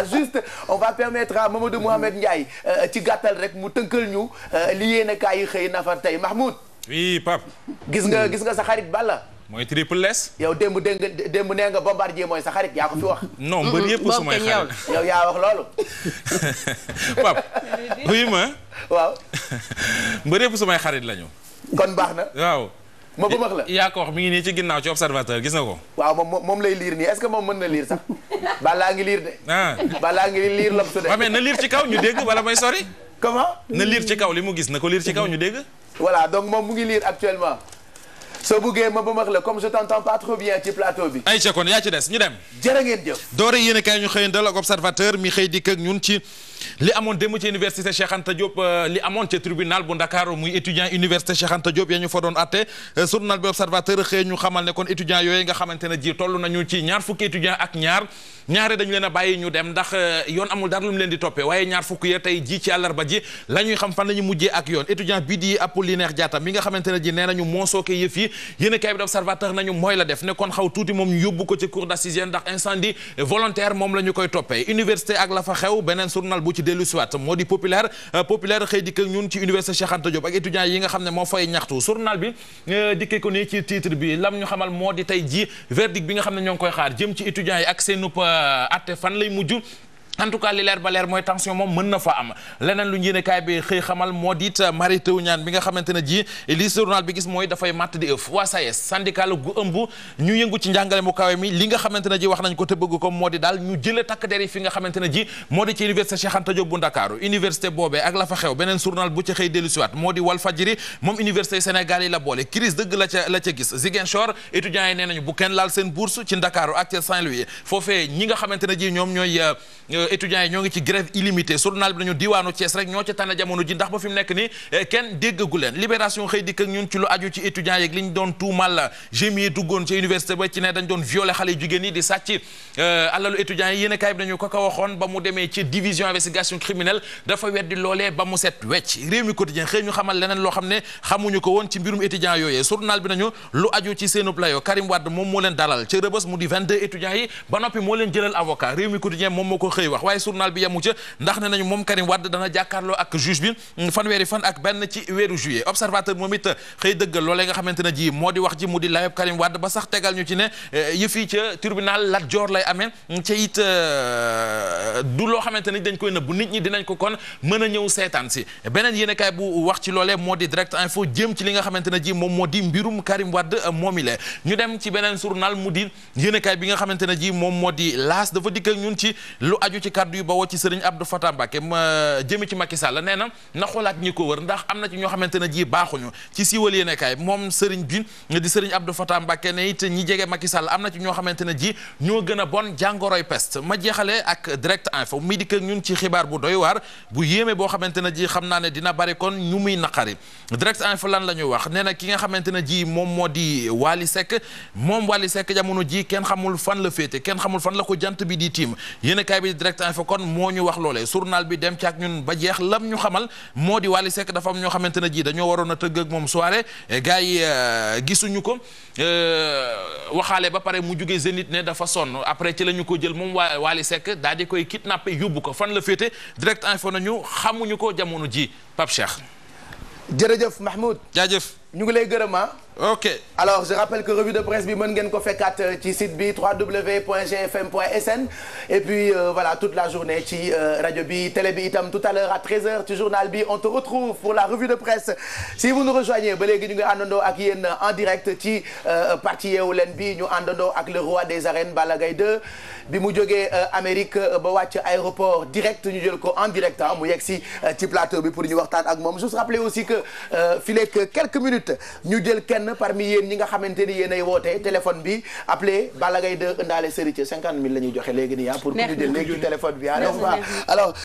voilà juste on va permettre à Mamadou mm-hmm. Mouhamed euh, ci gàttal rek mu tënkal ñu euh, li yéen a yi xëy na far tey Mahmoud. oui Pape. gis nga gis nga sa xarit bala mooy triple S. yow démb dégg nga nee nga bombardier mooy sa xarit yaa ko fi wax. non mbër yëpp su may xarit yow yaa wax loolu. Pape. oui ma. waaw. mbër yëpp su xarit lañu. kon baax na waaw. ma ba max la yaa ko wax ngi nii ci ginnaaw ci observateur gis na ko waaw moom moom lay liir nii est-ce que moom mën na liir sax balaa ngi liir de ah balaa ngi liir lop de waaw na liir ci kaw ñu dégg wala may sori comment na liir ci kaw li gis na ko liir ci kaw ñu dégg voilà donc moom mu ngi liir actuellement soo buggee ma ba la comme je t'entends pas trop bien ci plateau bi ay ca kon yaa ci des ñu dem jërë ngeen jëf doore yéen a ñu xëy dal observateur mi xëy dikk li amoon démb ci université Cheikh Anta Diop euh, li amoon ci tribunal bu Ndakaaru muy étudiant université Cheikh Anta Diop ya ñu fa doon atte euh, journal bi observateur xëy xamal ne kon étudiant yooyu nga xamante ne ji toll nañu ci ñaar fukki étudiant ak ñaar ñaare dañu leen a bàyyi ñu dem ndax euh, yoon amul dara lu leen di toppee waaye ñaar fukk ya tey ji ci àllarba ji la ñuy xam fan la ñu mujjee ak yoon étudiant bii di Apollinaire Diatta mi nga xamante ne ji nee nañu moo sooke yëf yi yéen a kaay bi di observateur ne ko ci cour ñu koy toppee université ak la fa xew bu ci dellu siwaat moo di populaire euh, populaire xëy dikk ak ñun ci université Cheikh Anta ak étudiants yi nga xam ne moo fay ñaxtu journal bi euh, dikkee ko nii ci titre bi lam ñu xamal moo di tey ji verdict bi nga xam ne ñoo koy xaar jëm ci étudiants yi ak seen euh, atte fan lay mujj en tout cas li leer ba leer mooy tension moom mën na fa am leneen lu yéene kaay bi xëy xamal moo diit euh, Mary Teuw bi nga xamante ne ji li journal bi gis mooy dafay matt di ëf waa SAES e syndical gu ëmb ñu yëngu ci njàngale mu kawe mi li nga xamante ne ji wax nañ ko te bëgg ko moo di daal ñu jële takk der yi fi nga xamante ne ji moo di ci université Cheikh Anta Diop bu Ndakaaru université boobee ak la fa xew beneen journal bu ci xëy dellusiwaat moo di Walfadjri moom université Sénégal yi la boole crise dëgg la ca la ca seen bourse ci Ndakaaru ak ca ne ji ñoom ñooy euh, euh, étudiants yi ñoo ngi ci grève illimitée journal bi nañu diwaanu Thiès rek ñoo ca tànn jamono ji ndax ba fi nekk ni eh, kenn déggagu leen libération xëy dikk ak ñun ci lu aju ci étudiants ñu doon tuumal gémier duggoon ci université ba ci ne dañ doon violer xale jigéen yi di sàcc eh, alalu étudiants yi yéen a bi nañu ko ko waxoon ba mu demee ci division investigation criminelle dafa weddi loolee ba mu set wecc réew mi quotidien xëy ñu xamal leneen loo xam ne xamuñu ko woon ci mbirum étudiants yooyee journal bi nañu lu moo leen dalal ci rëbës mu di 22 moom moo ko xëy wax waaye journal bi yamu ca ndax ne nañu moom Karim Wade dana jàkkaarloo ak juge bi fanweeri fan ak benn ci weeru juillet observateur moom it xëy dëggal loolee nga xamante ne ji moo di wax mu di layeb Karim Wade ba sax tegal ci ne eh, yëf yi ca tribunal Lat Dior lay amee ca it eh, du loo xamante ni dañ koy nëbbu nit ñi dinañ ko kon mën a ñëw seetaan si beneen yéenekaay bu wax ci loolee moo di direct info jëm ci li nga xamante ne ji moom moo di mbirum Karim Wade eh, moomile ñu dem ci beneen journal mu di yéenekaay bi nga xamante ne ji moom moo di laas dafa dikk ak ñun ci lu aju aju ci kàddu yu bawoo ci sëriñ Abdou Fatah Mbacké ma ci Macky Sall nee na na xoolaat ñi ko wër ndax am na ci ñoo xamante ne ji baaxuñu ci siiwal yéene kaay moom sëriñ bi di sëriñ Abdou Fatah Mbacké ne it ñi jege Macky Sall am na ci ñoo xamante ne ji ñoo gën a bon jàngoroy peste ma jeexale ak direct info mi dikk ñun ci xibaar bu doy waar bu yéeme boo xamante ne ji xam naa ne dina bari kon ñu muy naqari direct info lan la wax nee na ki nga xamante ne ji moom moo di Wally Seck moom Wally Seck jamono ji kenn xamul fan la féete kenn xamul fan la ko jant bi di tiim yéene direct info kon moo ñu wax loolee journal bi dem ci ak ñun ba jeex lam ñu xamal moo di Wally Seck dafa am ñoo xamante ne ji dañoo waroon a tëgg ak moom soirée eh, gars yi euh, gisuñu ko euh, waxaale ba pare mu jugee Zénith ne dafa sonn après ci la ñu ko jël moom waa Wally sekk daal di koy kidnappé yóbbu ko fan la féete direct info nañu xamuñu ko jamono ji Pape Cheikh. jërëjëf Mahmoud. jaajëf ñu ngi lay gërëmaa. Ah. ok alors je rappelle que revue de presse bi mën ngeen ko fekkaat euh, ci site bi www.gfm.sn et puis euh, voilà toute la journée ci euh, rajo bi tele bi itam tout à l'heure à 13h ci journal bi on te retrouve pour la revue de presse si vous nous rejoignez ba léegi ñu ngi en direct ci euh, parti Yeewu Leen bi ñu àndandoo ak le roi des arènes Balla Gaye 2 bi mu jógee euh, Amérique ba wàcc aéroport direct ñu jël ko en direct ah mu yegg si ci plateau bi pour ñu waxtaan ak moom je vous rappelle aussi que fii euh, quelques minutes ñu jël kenn parmi yéen ñi nga xamante ni yéen woote téléphone bi appelé Balla Gaye 2 ëndaale Serigne 50 000 la ñuy joxe léegi nii ah. pour ku ñu jël léegi téléphone bi ah. alors